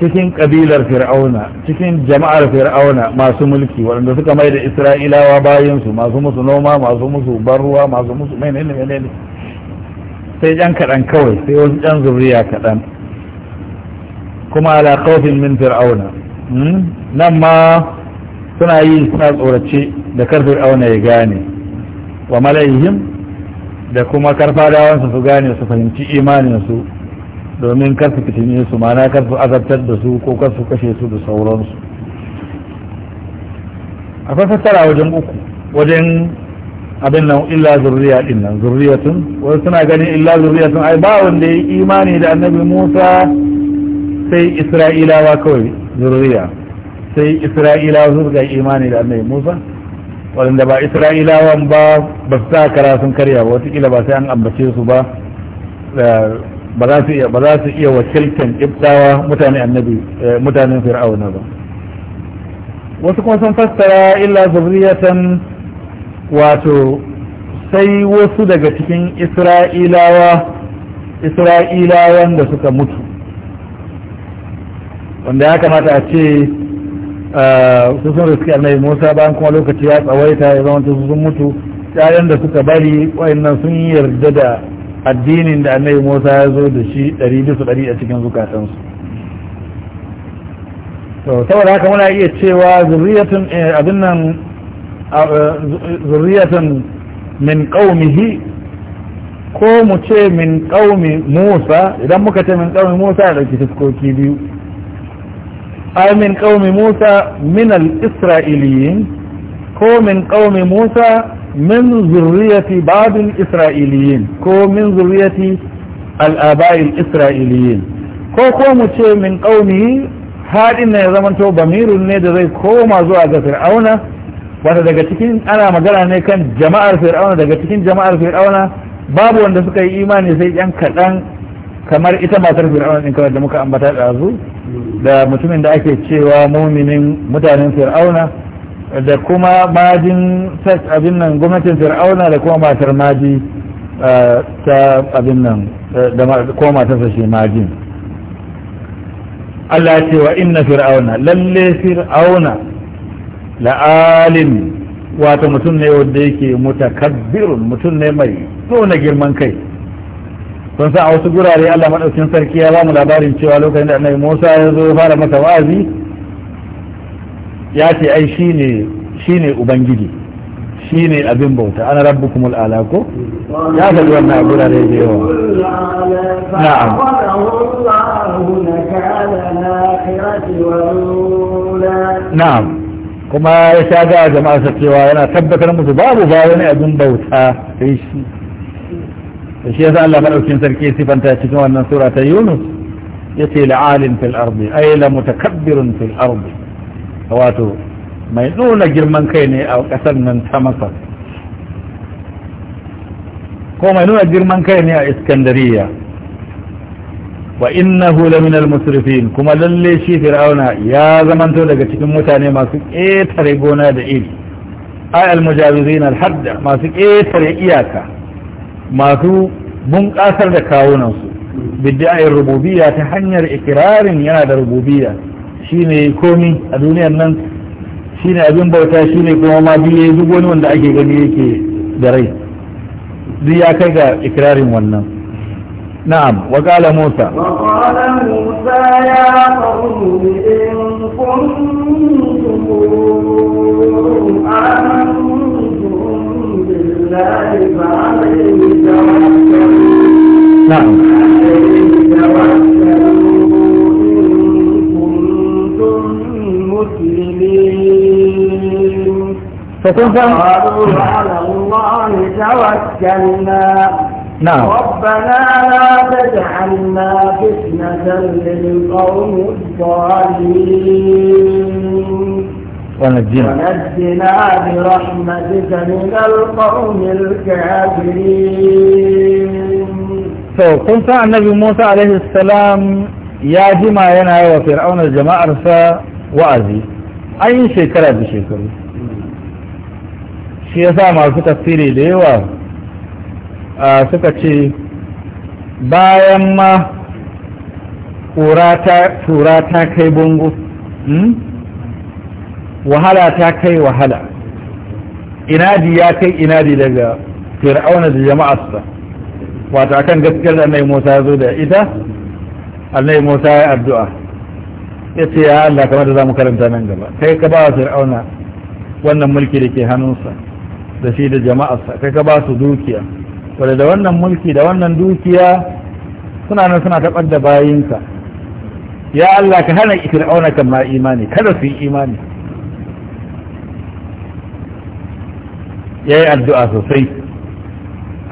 Speaker 2: cikin kabilar fir'auna cikin jama'ar fir'auna masu mulki waɗanda suka mai da isra'ilawa bayansu masu musu noma masu musu barruwa masu musu mai ne ne sai ɗan kaɗan kawai sai wasu ɗan zuriya kaɗan kuma ala kawfin min fir'auna hmm? nan ma suna yi suna tsorace da kar fir'auna ya gane wa mala'ihim da kuma karfadawansu su gane su fahimci imaninsu domin kar su fitine su mana kar su azabtar da su ko kar su kashe su da sauransu akwai fassara wajen uku wajen abin nan illa zurriya din nan zurriyatun wasu suna ganin illa zurriyatun ai ba wanda ya imani da annabi Musa sai Isra'ilawa kawai zurriya sai Isra'ilawa su ga imani da annabi Musa waɗanda ba isra'ilawan ba ba su sa kara sun karya ba watakila ba sai an ambace su ba ba za su iya ba za su iya wakiltan ibtawa mutane annabi eh, mutanen fir'auna ba wasu kuma sun fassara illa zurriyatan wato sai wasu daga cikin isra'ilawa isra'ilawan da suka mutu wanda ya kamata a ce Eh, sun riski annabi musa bayan kuma lokaci ya tsawaita ya zama tun sun mutu yayan da suka bari wayannan sun yarda da addinin da annabi musa ya zo da shi ɗari bisa ɗari a cikin zukatansu to saboda haka muna iya cewa zuriyatun eh, abin nan eh, zurriyatun min qaumihi ko mu ce min qaumi musa idan muka ce min qaumi musa da dauki biyu ay min qaumi Musa minal al-Isra'iliyin ko min qaumi Musa min zurriyati ba'd al-Isra'iliyin ko min zurriyati al israiliyin ko ko mu ce min qaumi hadin ne zaman to ne da zai koma zuwa ga Fir'auna wanda daga cikin ana magana ne kan jama'ar Fir'auna daga cikin jama'ar Fir'auna babu wanda suka yi imani sai yan kaɗan kamar ita matar fir'auna in kawai da muka ambata da azu da mutumin da ake cewa muminin mutanen fir'auna da kuma majin sex abin nan gwamnatin fir'auna da kuma matar maji ta abin nan da kuma matarsa shi majin Allah ce wa inna fir'auna lalle fir'auna la'alim wato mutum ne wanda yake mutakabbirun mutum ne mai nuna girman kai kun san a wasu gurare Allah madaukin sarki ya ba mu labarin cewa lokacin da annabi Musa ya zo fara masa wa'azi ya ce ai shine shine ubangiji shine abin bauta ana rabbukumul ala ko ya ga wannan a gurare da yawa
Speaker 1: na'am na'am
Speaker 2: kuma ya sha ga jama'a cewa yana tabbatar musu babu ba wani abin bauta sai shi الشيء هذا الله مرحبين سركي سفن تأتيكم أن سورة يونس يتي لعال في الأرض أي لمتكبر في الأرض هواتو ما يقولون جرمان كيني أو كثر من تمسا هو ما يقولون جرمان كيني إسكندرية وإنه لمن المسرفين كما للي شي فرعون يا زمن تولى قتك متاني ما سك إيه تريقونا دئيل أي المجاوزين الحد ما سك إيه تريقياك masu bunƙasar da kawunansu bidda'in rububiya ta hanyar ikirarin yana da rububiya shi ne komi a duniyar nan shi ne abin bauta shi ne kuma ma biye duk wani wanda ake gani yake da rai duk ya kai ga ikirarin wannan na'am wa qala musa wa qala musa ya qawmi
Speaker 1: in kuntum الله فعليه توكلوا نعم عليه توكلوا إن كنتم مسلمين فكيف قالوا على الله توكلنا نعم ربنا لا تجعلنا فتنة للقوم الظالمين ونجنا ونجنا برحمتك من القوم الكافرين
Speaker 2: to kun san annabi Musa alaihi ya jima yana yi wa fir'aunar jama'arsa wa'azi an yi shekara da shekaru shi yasa masu tafsiri da yawa suka ce bayan ma tura ta kai bango hmm? wahala ta kai wahala inadi ya kai inadi daga fir'auna da jama'arsa wato akan gaskiyar da annai musa ya zo da ita annai musa ya addu'a ya ce ya Allah kamar da za mu karanta nan gaba kai ka ba wa fir'auna wannan mulki da ke hannunsa da shi da jama'arsa kai ka ba su dukiya wadda da wannan mulki da wannan dukiya suna nan suna taɓar da bayinka ya Allah ka hana fir'auna kan ma imani kada su yi imani ya yi addu'a sosai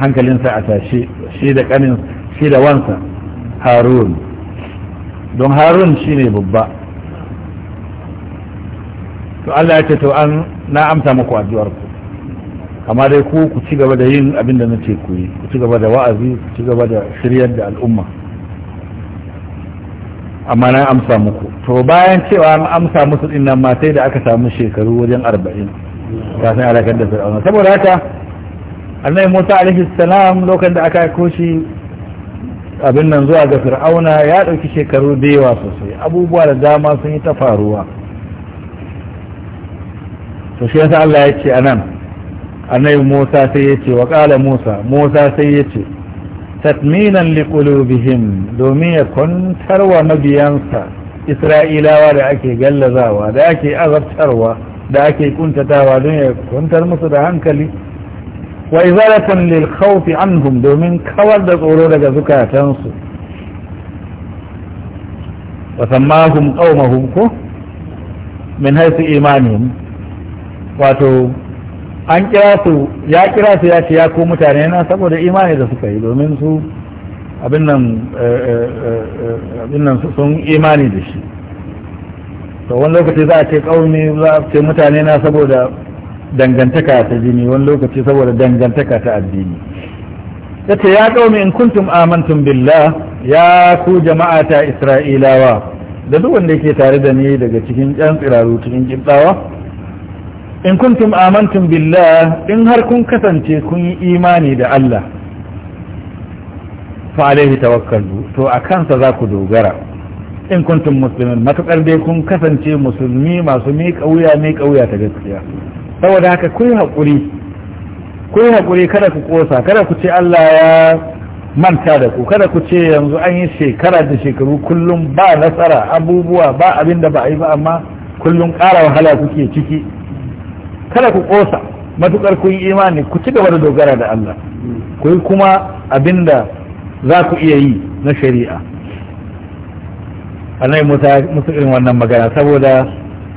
Speaker 2: hankalinsa a tashe shi da kanin shi da wansa harun don harun shi ne babba to Allah ya ce to an na amsa muku addu'ar ku amma dai ku ku ci gaba da yin abin da nace ku yi ku ci gaba da wa'azi ku ci gaba da shiryar da al'umma amma na amsa muku to bayan cewa an amsa musu dinnan ma sai da aka samu shekaru wajen arba'in kafin alakar da fir'auna saboda haka annabi Musa alaihi salam lokacin da aka aiko shi abin nan zuwa ga fir'auna ya ɗauki shekaru da yawa sosai abubuwa da dama sun yi ta faruwa to shi yasa Allah ya ce anan annabi Musa sai ya ce wa qala Musa Musa sai ya ce tatminan liqulubihim domin ya kwantar wa mabiyansa Isra'ilawa da ake gallazawa da ake azabtarwa da ake kuntatawa don ya kwantar musu da hankali wa izalatan lil khawfi anhum domin kawar da tsoro daga zukatansu wa sammahum qaumahum ko min haythu imanihim wato an kira su ya kira su ya ce ya ko mutane na saboda imani da suka yi domin su abin nan eh, eh, eh, sun imani da shi to wani lokaci za a ce ƙaumi za a ce mutane na saboda dangantaka ta jini wani lokaci saboda dangantaka ta addini ya ce ya ƙaumi in kuntum amantum billah ya ku jama'a ta isra'ilawa da duk wanda yake tare da ni daga cikin ƴan tsiraru cikin kibtawa in kuntum amantum billah in har kun kasance kun yi imani da Allah fa alaihi tawakkalu to a kansa za ku dogara in kuntum muslimin matukar dai kun kasance musulmi masu miƙa wuya miƙa wuya ta gaskiya saboda haka kun hakuri haƙuri ku haƙuri kada ku ƙosa kada ku ce Allah ya manta da ku kada ku ce yanzu an yi shekara da shekaru kullum ba nasara abubuwa ba abin da ba a yi ba amma kullum ƙara wahala kuke ciki kada ku ƙosa matukar kun yi imani ku ci gaba da dogara da Allah ku kuma abinda za ku iya yi na shari'a annabi musu irin wannan magana saboda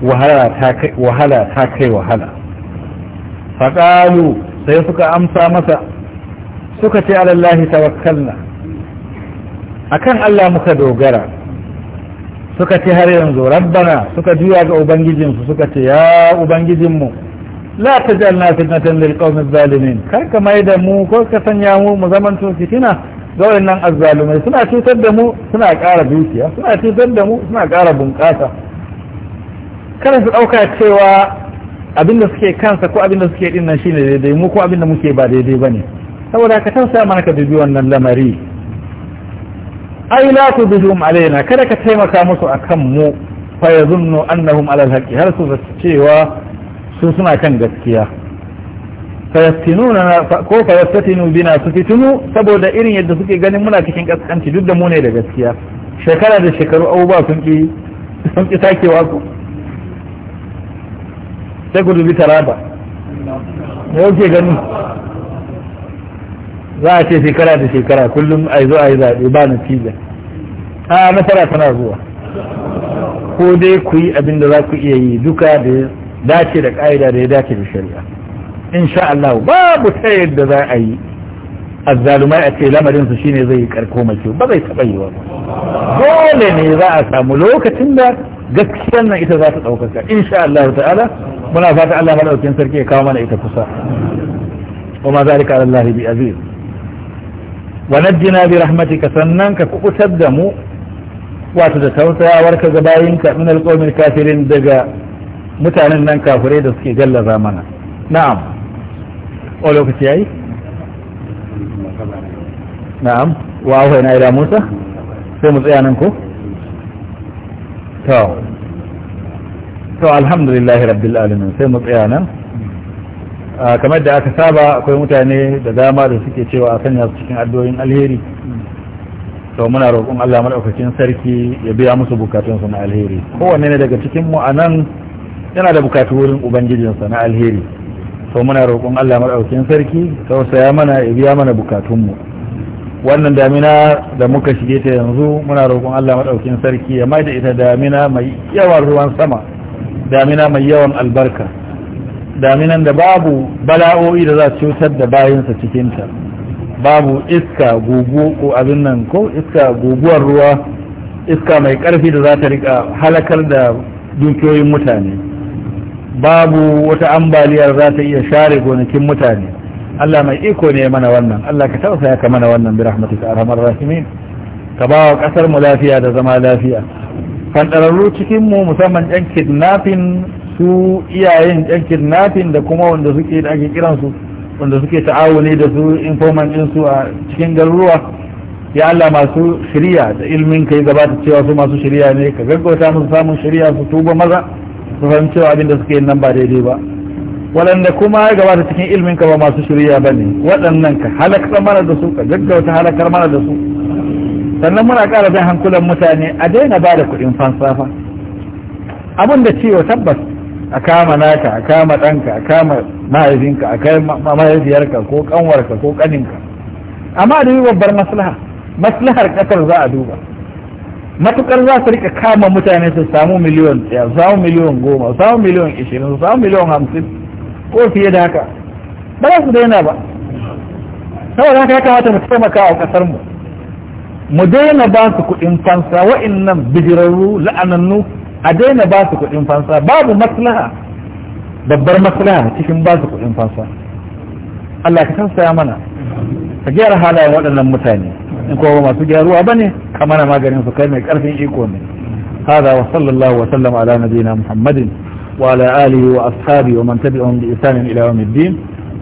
Speaker 2: wahala ta kai wahala faƙalu sai suka amsa masa suka ce alallahi tawakkalna akan Allah muka dogara suka ce har yanzu rabbana suka juya ga ubangijinsu suka ce ya ubangijinmu la tajalna fitnatan lil qawmi zalimin kar ka mai da mu ko ka sanya mu mu zaman to fitina ga nan azzalumai suna cutar da mu suna ƙara dukiya suna cutar da mu suna ƙara bunƙasa kada su ɗauka cewa abin da suke kansa ko abin da suke ɗin nan shine daidai mu ko abin muke ba daidai ba ne saboda ka tausa mana ka dubi wannan lamari ai la tu bihum alaina kada ka taimaka musu akan mu fa yazunnu annahum ala alhaqi har su cewa su suna kan gaskiya fayaftinuna ko fayaftinu bina su fitinu saboda irin yadda suke ganin muna cikin kaskanci duk da mu ne da gaskiya shekara da shekaru abubuwa sun ki sun ki sakewa ku sai ku dubi taraba me yake gani za a ce shekara da shekara kullum a zo a yi zaɓe ba na natija a nasara tana zuwa ko dai ku yi abin da za ku iya yi duka da ya dace da ƙa'ida da ya dace da shari'a in sha babu ta yadda za yi azzalumai a ce lamarin su shine zai karko mace ba zai taba yi ba dole ne za samu lokacin da gaskiyar nan ita za ta daukaka in sha ta'ala muna fata Allah madaukin sarki ya kawo mana ita kusa kuma zalika Allah bi aziz wa najjina bi rahmatika sannan ka kubutar da mu wato da tausayawar ka ga ka min alqawmil kafirin daga mutanen nan kafirai da suke gallaza mana na'am o lokaci yi? na'am wa awa na ila musa sai mu tsaya nan ko to to alhamdulillahi rabbil alamin sai mu tsaya nan kamar da aka saba akwai mutane da dama da suke cewa a sanya su cikin addu'o'in alheri to muna roƙon Allah madaukakin sarki ya biya musu bukatunsu na alheri kowanne ne daga cikin mu anan yana da bukatu wurin ubangijinsa na alheri Sau muna roƙon Allah maɗaukin sarki ya mana ya biya mana bukatunmu wannan damina da muka shige ta yanzu muna roƙon Allah maɗaukin sarki ya mai da ita damina mai yawan ruwan sama damina mai yawan albarka daminan da babu bala'o'i da za su cutar da bayansa cikinta babu iska gugu ko abin nan ko iska guguwar ruwa iska mai ƙarfi da za ta riƙa halakar da dukiyoyin mutane babu wata ambaliyar za ta iya share gonakin mutane Allah mai iko ne mana wannan Allah ka tausaya ka mana wannan bi rahmatika arhamar rahimin ka ba wa kasar mu lafiya da zama lafiya fandararru cikin mu musamman yan kidnapping su iyayen yan kidnapping da kuma wanda suke da ake kiran su wanda suke ta'awuni da su informant din su a cikin garuruwa ya Allah masu shiriya da ilmin kai gabata cewa su masu shiriya ne ka gaggauta musu samun shiriya su tuba maza su san cewa abin da suke yin nan ba daidai ba waɗanda kuma ya gabata cikin ilmin ka ba masu shirya ba ne waɗannan ka halakar mana da su ka gaggauta halakar mana da su sannan muna ƙara jan hankulan mutane a daina ba da kuɗin fansafa abin da cewa tabbas a kama naka a kama ɗanka a kama mahaifinka a kama mahaifiyarka ko ƙanwarka ko ƙaninka amma da yi babbar maslaha maslahar ƙasar za a duba matukar za su rika kama mutane su samu miliyon ya samu miliyon goma samu miliyon ishirin su samu miliyon hamsin ko fiye da haka ba za su daina ba saboda haka ya kamata mu taimaka a kasar mu mu daina ba su kuɗin fansa wa'annan bijirarru la'anannu a daina ba su kuɗin fansa babu maslaha babbar maslaha cikin ba su kuɗin fansa Allah ka tausaya mana ka gyara halayen waɗannan mutane in kuma ba masu gyaruwa ba ne ka mana maganin su kai mai karfin iko ne hada wa sallallahu wa sallam ala nabiyina muhammadin wa ala alihi wa ashabi wa man tabi'ahum bi ihsan ila yawm الدين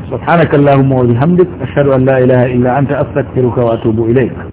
Speaker 2: سبحانك اللهم وبحمدك أشهد أن لا إله إلا أنت أستغفرك وأتوب إليك